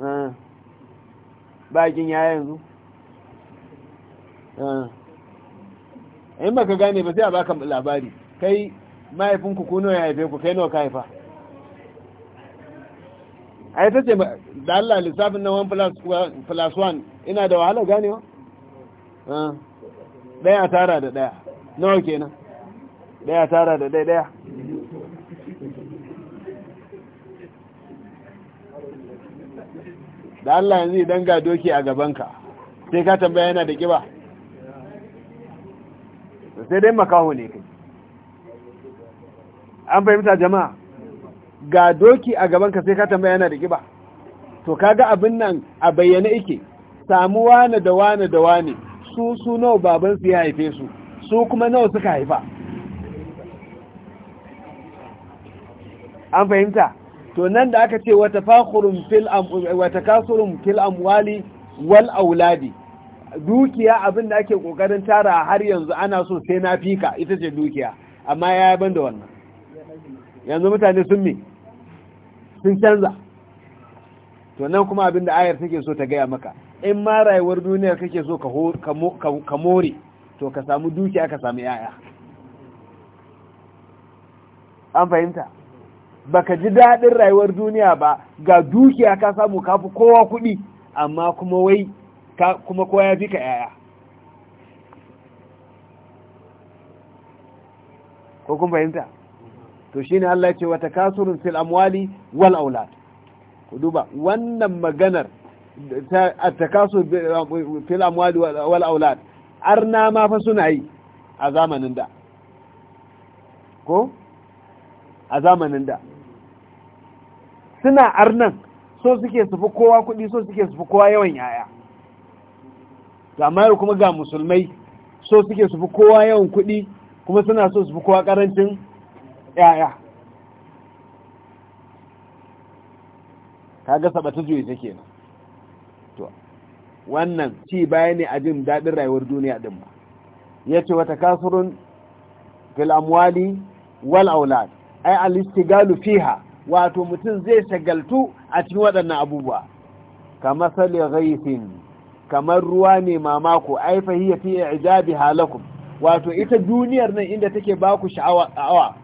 eh. bakin yayin yanzu eh. in ba ka gane ba sai a baka labari kai mahaifinku ku nawa ya haife ku kai nawa ka haifa yi ta ce da Allah lissafin na 1 plus 1 ina da wahala wa? ɗaya tara da daya nawa kenan ɗaya tara da daya ɗaya da Allah yanzu idan ga doki a gabanka sai ka tambaya yana da ƙiba. sai dai makaho ne kai an fahimta jama'a ga doki a gaban ka sai ka tambaya yana da kiba to kaga abin nan a bayyane ike samu wane da wane da wane su su nawa baban su ya haife su su kuma nawa suka haifa an fahimta to nan da aka ce wata fakhurun fil am wata kasurun fil amwali wal auladi dukiya abin da ake kokarin tara har yanzu ana so sai na fika ita ce dukiya amma ya yi banda wannan yanzu mutane sun mi sun canza to nan kuma abin da ayar take so ta gaya maka in ma rayuwar duniya kake so ka more to ka samu dukiya ka samu yaya an fahimta baka ji daɗin rayuwar duniya ba ga dukiya ka samu kafi kowa kuɗi amma kuma wai kuma kowa ya fi ka yaya ko kun fahimta to shi ne Allah ya ce wata takasurun fil amwali wal aulad ku duba wannan maganar ta takasur fil amwali wal aulad arna ma fa suna yi a zamanin da ko a zamanin da suna arnan so suke sufi kowa kuɗi so suke sufi kowa yawan yaya to amma yau kuma ga musulmai so suke su fi kowa yawan kuɗi kuma suna so su fi kowa ƙarancin ‘ya'ya kaga saba ta juye ta to wannan ci baya ne a jin daɗin rayuwar duniya ɗin ba ya ce wata kasurun filamwali wal'aulat wal aulad ai alistigalu fiha wato mutum zai shagaltu a cikin waɗannan abubuwa kamar sali ghaifin kamar ruwa ne mamako ai fahiya fi ijabi halakum wato ita duniyar nan inda take baku sha'awa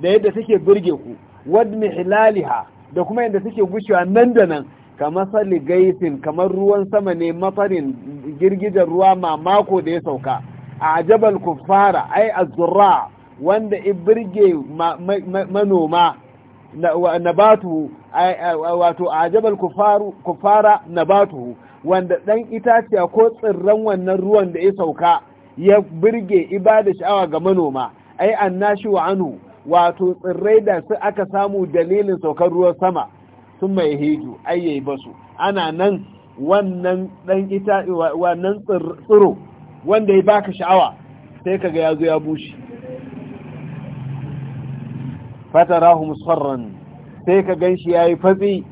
da yadda take burge ku wadmi hilaliha da kuma yadda take gushewa nan da nan kamar sali gaisin kamar ruwan sama ne mafarin girgijar ruwa mamako da ya sauka a jabal ai azurra wanda iburge manoma nabatu wato a jabal na nabatu wanda ɗan itaciya ko tsirran wannan ruwan da ya sauka ya birge ibada sha'awa ga manoma ai annashi wa anu wato tsirrai da su aka samu dalilin saukar ruwan sama sun mai heju ayyai basu ana nan wannan ɗan ita wannan tsiro wanda ya baka sha'awa sai kaga ya zo ya bushe fatarahu musfarran sai ka ganshi yayi fatsi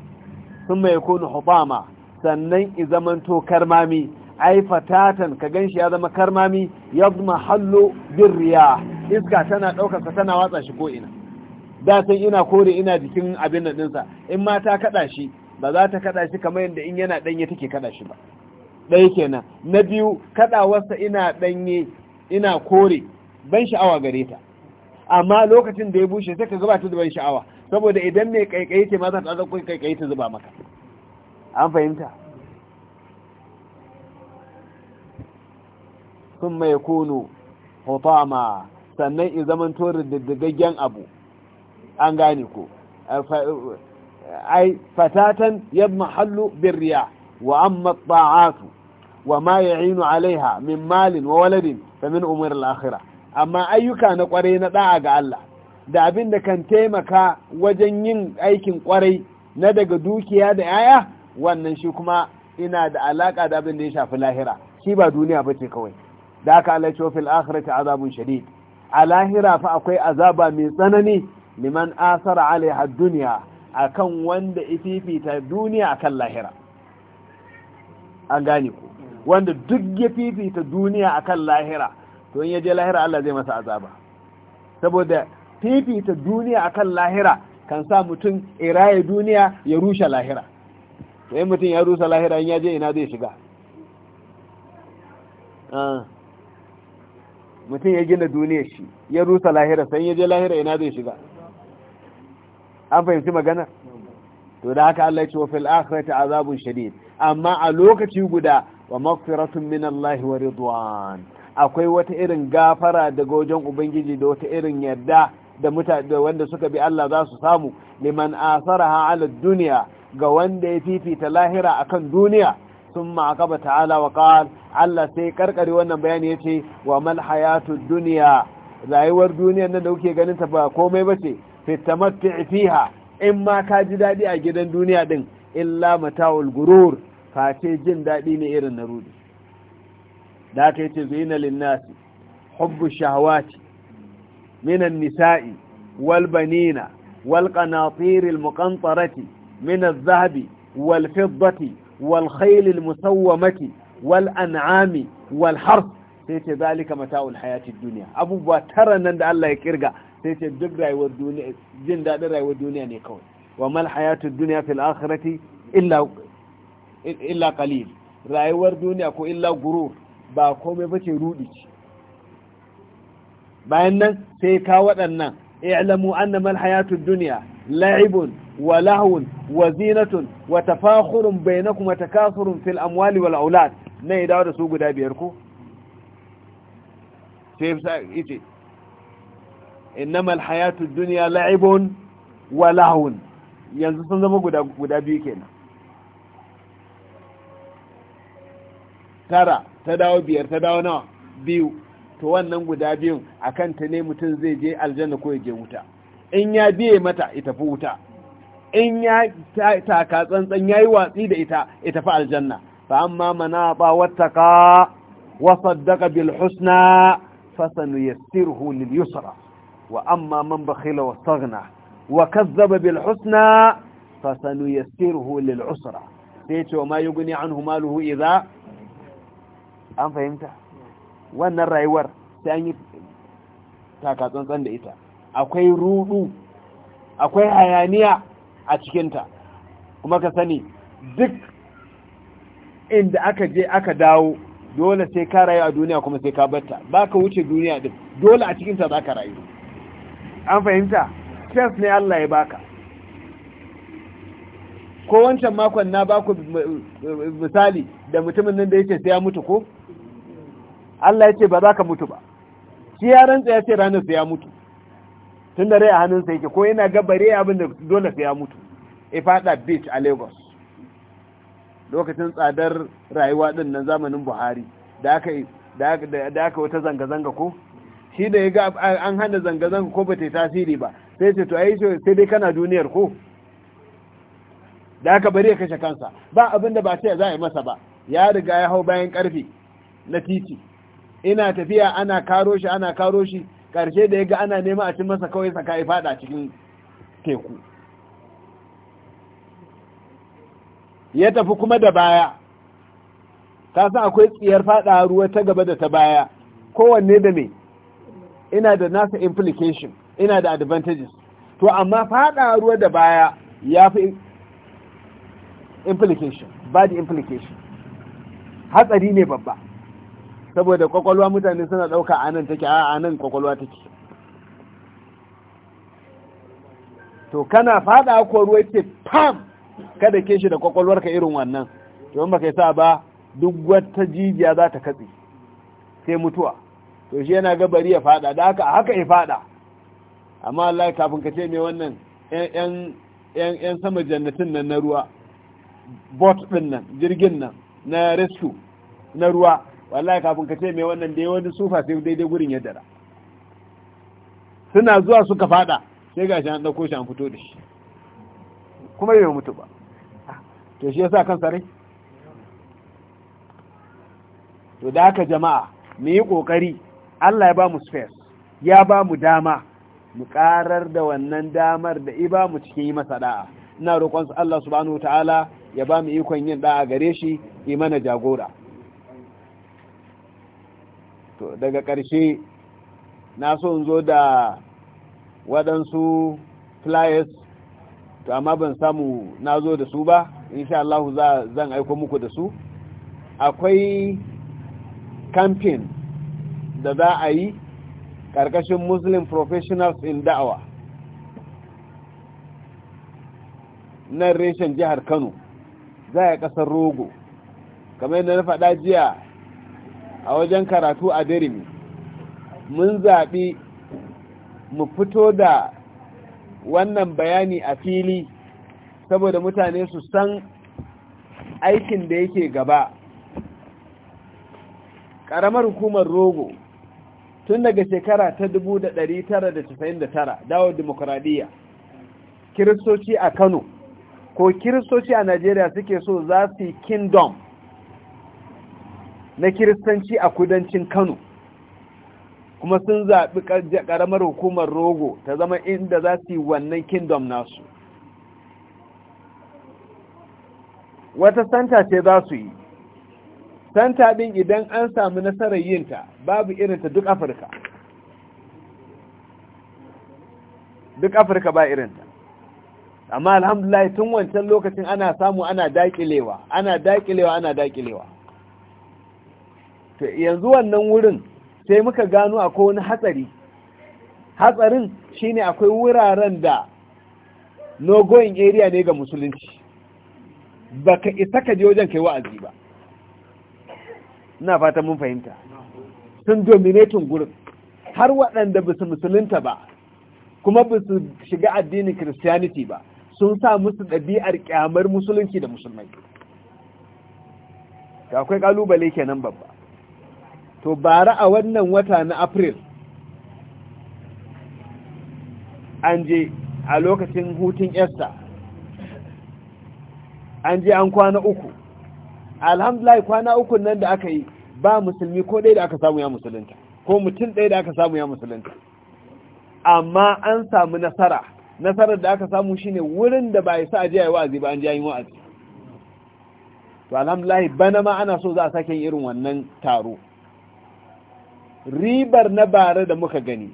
sun mai kunu hubama sannan izamanto karmami ai fatatan ka ganshi ya zama karmami ya zama hallo birriya iska tana ɗaukarsa tana watsa shi ko ina da san ina kore ina jikin abin nan ɗinsa in ma ta kaɗa shi ba za ta kaɗa shi kamar yadda in yana ɗanye take kaɗa shi ba ɗaya kenan na biyu kaɗawarsa ina ɗanye ina kore ban sha'awa gare ta amma lokacin da ya bushe sai ka gabata da ban sha'awa saboda idan mai kaikayi ce ma za ta kai kaikayi ta zuba maka an fahimta sun mai kono hotama sannan in zaman torin diddigaggen abu an gane ko ai fatatan yadda mahallu birriya wa amma ta'atu wa ma ya'inu alaiha min malin wa waladin fa min umar al-akhirah amma ayyuka na kwarai na da'a ga Allah da abin da kan taimaka wajen yin aikin kwarai na daga dukiya da yaya wannan shi kuma ina da alaka da abin da ya shafi lahira shi ba duniya ba ce kawai da aka ala cewa fil akhirati azabun shadid a lahira fa akwai azaba mai tsanani liman asara alaiha duniya akan wanda ififita duniya akan lahira an gane ku wanda duk ya fifita duniya akan lahira to in yaje lahira Allah zai masa azaba saboda fifita duniya akan lahira kan sa mutum iraye duniya ya rushe lahira to in mutum ya rusa lahira in ya je ina zai shiga ah. mutum ya gina duniya shi ya rusa lahira sai ya je lahira ina zai shiga an fahimci magana to da haka Allah ya ce wa fil akhirati azabun shadid amma a lokaci guda wa maghfiratun min Allah wa ridwan akwai wata irin gafara daga wajen ubangiji da wata irin yarda da mutane wanda suka bi Allah za su samu liman asaraha ala dunya ga wanda ya fifita lahira akan duniya sun ma'akaba ta'ala wa ƙawar Allah sai karkare wannan bayani ya ce wa mal duniya rayuwar duniya nan da kuke ganin ta ba komai ba ce fitamatti fiha in ma ka ji daɗi a gidan duniya ɗin illa mata'ul gurur ce jin daɗi ne irin na rudi da ce ce zuina linnasi hubbu shahawati minan nisa'i wal banina wal qanatir al muqantarati min zahabi wal fiddati wal khayl al musawwamati wal an'ami wal harf sai ce zalika mata'ul hayatid dunya abubuwa tara nan da Allah ya kirga sai duk rayuwar duniya jin daɗin rayuwar duniya ne kawai wa mal hayatud dunya fil akhirati illa illa rayuwar duniya ko illa gurur ba komai bace rudi ce bayan nan sai ka waɗannan i'lamu anna mal hayatud dunya la'ibun Walawun lahun wa zinatun bai tafakhurun bainakum wa takasurun amwali wal aulad nan ya dawo da su guda biyar ko sai yace innamal hayatud dunya la'ibun wa yanzu sun zama guda biyu kenan tara ta dawo biyar ta dawo nawa biyu to wannan guda biyun akan ta ne mutum zai je aljanna ko ya je wuta in ya biye mata ita fi wuta in ya taka tsantsan ya yi watsi da ita ita fa aljanna fa amma man aba wattaqa wa saddaqa bil husna fasanuyassiruhu lil yusra wa amma man bakhila wastaghna wa kazzaba bil husna fasanuyassiruhu lil usra sai ce wa ma yughni anhu maluhu idza an fahimta wannan rayuwar sai an yi taka tsantsan da ita akwai rudu akwai hayaniya a cikinta kuma ka sani duk inda aka je aka dawo dole sai ka rayu a duniya kuma sai ka batta ba ka wuce duniya din dole a cikinta za ka rayu an fahimta chance ne Allah ya baka ko wancan makon na baku eh, eh, misali da mutumin nan da yake sai ya mutu ko Allah ya ce ba za ka mutu ba shi ya rantsa ya ce ranar sai ya mutu tun da rai a hannunsa yake ko yana rai abin da dole sai ya mutu a fada beach a lagos lokacin tsadar rayuwa din nan zamanin buhari da aka wata zanga-zanga ko shi da ya ga an hana zanga-zanga ko ba ta tasiri ba sai ce to yi sai dai kana duniyar ko da aka bari ya kashe kansa ba abin da ba ce za a yi masa ba ya riga ya hau bayan karfe na titi ina tafiya ana karo shi ana karo shi ƙarshe da ya ga ana nema a cin masa kawai saka ya fada cikin teku ya tafi kuma da baya ta san akwai tsiyar fada ruwa ta gaba da ta baya kowanne da me ina da nasa implication ina da advantages to amma fada ruwa da baya ya fi implication bad implication hatsari ne babba saboda kwakwalwa mutane suna ɗauka a nan take a nan kwakwalwa take to kana fada ko ruwa yake pam kada ke shi da ka irin wannan to in kai sa ba duk wata jijiya za ta katse sai mutuwa to shi yana bari ya fada da haka haka ya fada amma Allah kafin ka ce me wannan yan sama jannatin nan na ruwa bot din nan jirgin nan na rescue na ruwa wallahi kafin ka ce mai wannan da wani sufa sai daidai gurin ya dara suna zuwa suka fada sai gashi an dauko shi an fito da shi kuma bai mutu ba to shi yasa kansa rai to da haka jama'a mu yi kokari Allah ya ba mu space ya ba mu dama mu karar da wannan damar da iba mu cikin yi masa da'a ina roƙon su Allah subhanahu ta'ala ya ba mu ikon yin da'a gare shi imana jagora to daga ƙarshe na so in zo da waɗansu flyers to amma ban samu na zo da su ba insha Allah zan aiko muku da su akwai campaign da za a yi ƙarƙashin muslim professionals in da'awa nan reshen jihar kano za a ƙasar rogo kamar yadda na faɗa jiya a wajen karatu a darimi mun zaɓi mu fito da wannan bayani a fili saboda mutane su san aikin da yake gaba ƙaramar hukumar rogo tun daga shekara ta 1999 dawo demokuraɗiyya kiristoci a kano ko kiristoci a najeriya suke so za su yi kingdom na kiristanci a kudancin kano kuma sun zaɓi ƙaramar hukumar rogo ta zama inda za su yi wannan kingdom nasu wata santa ce za su yi santa ɗin idan an samu nasarar yinta babu irinta duk afirka duk afirka ba irinta amma alhamdulahi tun wancan lokacin ana samu ana daƙilewa ana daƙilewa ana daƙilewa to yanzu wannan wurin sai muka gano akwai wani hatsari hatsarin shine akwai wuraren da no going area ne ga musulunci Ba ka isa ka je wajen kai wa'azi ba ina fatan mun fahimta sun dominating gurin har waɗanda ba su musulunta ba kuma ba su shiga addinin christianity ba sun sa musu ɗabi'ar kyamar musulunci da musulmai akwai ƙalubale kenan babba to bara a wannan wata na april an je a lokacin hutun esta an je an kwana uku alhamdulahi kwana uku nan da aka yi ba musulmi ko ɗaya da aka samu ya musulunta ko mutum ɗaya da aka samu ya musulunta amma an samu nasara nasarar da aka samu shine wurin da ba isa ajiya yayi wa'azi ba an ji yayin wa'azi to alhamdulahi bana ma ana so za a sake irin wannan taro ribar na bare da muka gani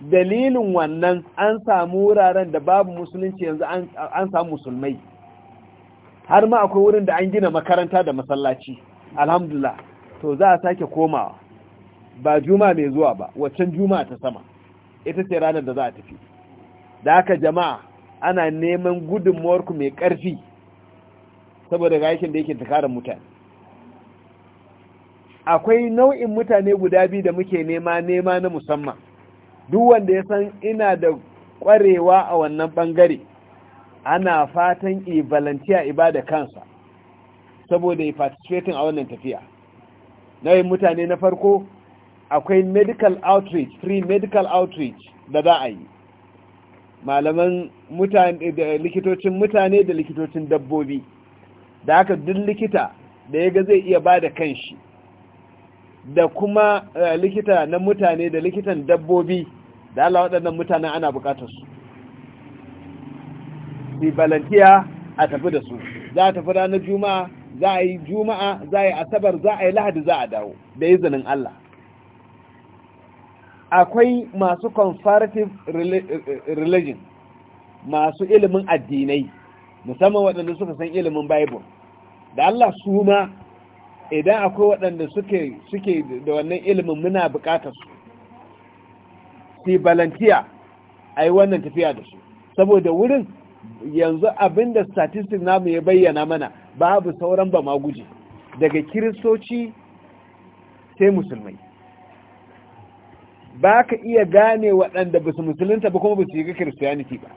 dalilin wannan an samu wuraren da babu musulunci yanzu an samu musulmai har ma akwai wurin da an gina makaranta da masallaci alhamdulillah to za a sake komawa ba juma mai zuwa ba waccan juma ta sama ita ce ranar da za a tafi da haka jama'a ana neman gudunmuwarku mai ƙarfi saboda ga yakin da yake takarar mutane akwai nau'in mutane guda biyu da muke nema nema na musamman duk wanda ya san ina da ƙwarewa a wannan bangare. ana fatan ibalantiya ibada kansa saboda ya participating a wannan tafiya nau'in mutane na farko akwai medical outreach free medical outreach da za a yi malaman da likitocin mutane da likitocin dabbobi da haka duk likita da ya ga zai iya ba da kanshi da kuma eh, likita na mutane da likitan dabbobi da Allah waɗannan mutanen ana buƙatar su su balantiya a tafi da su za a tafi ranar juma'a za a yi juma'a za a yi asabar za a yi lahadi za a dawo da izinin Allah akwai masu conservative eh, religion masu ilimin addinai musamman waɗanda suka san ilimin bible da Allah su ma idan akwai waɗanda suke suke da wannan ilimin muna buƙatar su si balantiya a yi wannan tafiya da su saboda wurin yanzu abinda statistics namu ya bayyana mana babu sauran ba ma guje daga kiristoci sai musulmai ba ka iya gane waɗanda ba su musulunta ba kuma ba su yi ga kiristiyaniti ba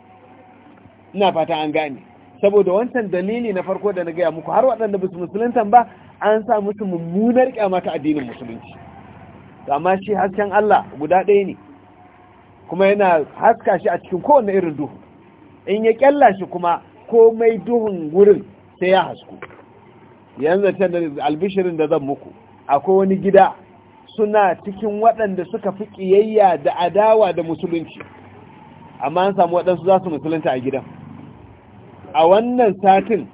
ina fata an gane saboda wancan dalili na farko da na gaya muku har waɗanda ba su musulunta ba an sa musu mummunar kyama ta addinin musulunci amma shi hasken Allah guda ɗaya ne kuma yana haska shi a cikin kowane irin duhu in ya kyalla shi kuma komai duhun wurin sai ya hasku yanzu can da albishirin da zan muku akwai wani gida suna cikin waɗanda suka fi ƙiyayya da adawa da musulunci amma an samu waɗansu za su musulunta a gidan a wannan satin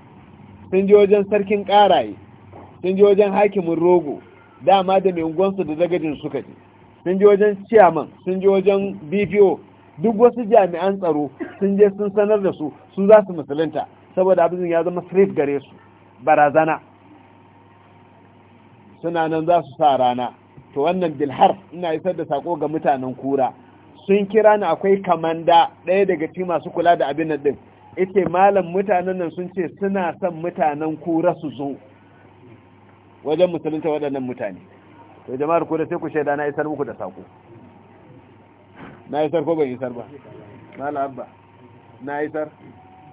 sun ji wajen sarkin ƙaraye sun je wajen hakimin rogo dama da mai ungonsu da zagajin suka ji. sun je wajen ciyaman sun je wajen bpo duk wasu jami'an tsaro sun je sun sanar da su su za su musulunta saboda abin ya zama sirif gare su barazana suna nan za su sa rana to wannan bilhar ina isar da sako ga mutanen kura sun kira ni akwai kamanda ɗaya daga cikin masu kula da abin nan din ita malam mutanen nan sun ce suna son mutanen kura su zo wajen musulunta waɗannan mutane to jama'ar ko da sai ku shaida na isar muku da sako na isar ko ban isar ba mala abba na isar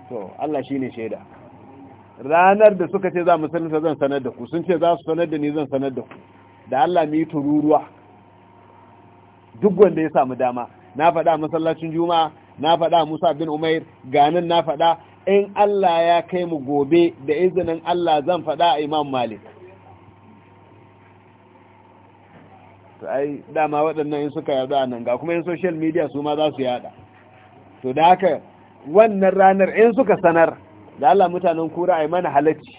to Allah shine shaida ranar da suka ce za musulunta zan sanar da ku sun ce za su sanar da ni zan sanar da ku da Allah mai tururuwa duk wanda ya samu dama na faɗa masallacin juma'a na faɗa musa bin umair ganin na faɗa in Allah ya kai mu gobe da izinin Allah zan faɗa imam malik to ai dama waɗannan in suka yarda nan ga kuma yin social media su ma za su yada to da haka wannan ranar in suka sanar da Allah mutanen kura ai mana halacci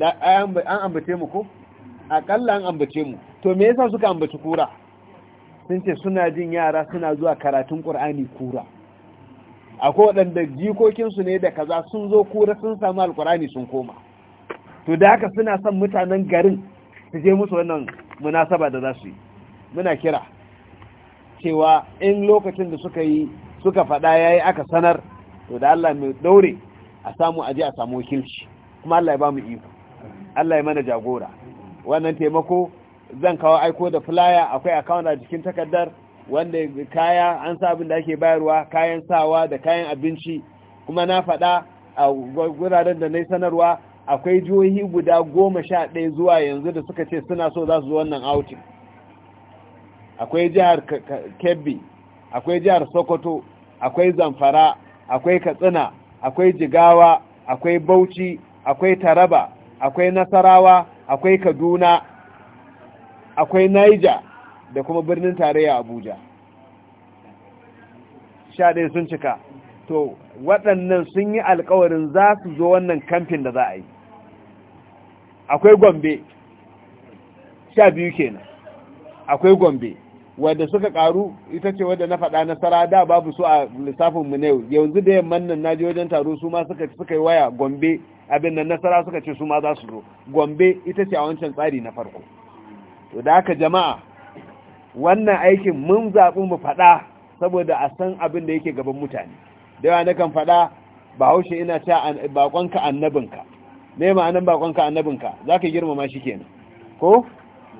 an ambace mu ko akalla an ambace mu to me yasa suka ambaci kura sun ce suna jin yara suna zuwa karatun ƙur'ani kura akwai waɗanda jikokinsu ne da kaza sun zo kura sun samu Alƙur'ani sun koma to da haka suna son mutanen garin su je musu wannan munasaba da za su yi muna kira cewa in lokacin da suka yi suka faɗa ya yi aka sanar to da Allah mai daure a samu aji a samu wakilci kuma Allah ya ba mu iko Allah ya mana jagora wannan taimako zan kawo aiko da filaya, akwai account a jikin takardar wanda kaya an sa abin da ake bayarwa kayan sawa da kayan abinci kuma na faɗa a guraren da na sanarwa akwai jihohi guda goma sha ɗaya zuwa yanzu da suka ce suna so za su zo wannan outing akwai jihar kebbi akwai jihar sokoto akwai zamfara akwai katsina akwai jigawa akwai bauchi akwai taraba akwai nasarawa akwai kaduna akwai naija da kuma birnin tarayya abuja sha ɗaya sun cika to waɗannan sun yi alkawarin za su zo wannan kamfin da za a yi akwai gombe sha biyu kenan akwai gombe wadda suka karu ita ce wadda na faɗa nasara da babu su a lissafin mu yau yanzu da yamman nan ji wajen taro su ma suka yi waya gombe abin nan nasara suka ce su ma za su zo gombe ita ce a wancan tsari na farko to da haka jama'a wannan aikin mun zaɓi mu faɗa saboda a san abin da yake gaban mutane da yawa nakan faɗa bahaushe ina cewa baƙonka annabinka me ma'anan bakonka annabinka za ka girmama shi kenan ko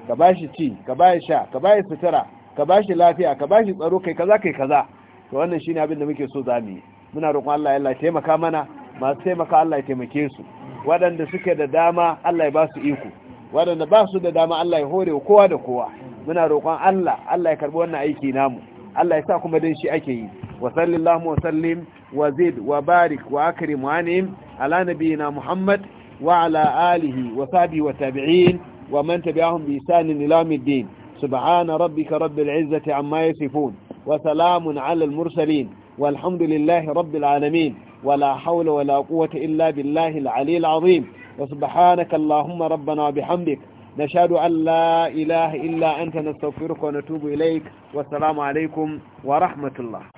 ka ba shi ci ka ba shi sha ka ba shi sutura ka ba shi lafiya ka ba shi tsaro kai kaza kai kaza to wannan shine abin da muke so za mu yi muna roƙon Allah ya Allah taimaka mana masu taimaka Allah ya taimake su waɗanda suke da dama Allah ya ba su iko waɗanda ba su da dama Allah ya hore kowa da kowa muna roƙon Allah Allah ya karbi wannan aiki namu Allah ya sa kuma dan shi ake yi wa sallallahu wa sallim wa zid wa barik wa akrim wa anim ala nabiyina muhammad وعلى آله وصحبه والتابعين ومن تبعهم إلى يوم الدين سبحان ربك رب العزة عما يصفون وسلام على المرسلين والحمد لله رب العالمين ولا حول ولا قوة إلا بالله العلي العظيم وسبحانك اللهم ربنا بحمدك نشهد أن لا إله إلا أنت نستغفرك ونتوب إليك والسلام عليكم ورحمة الله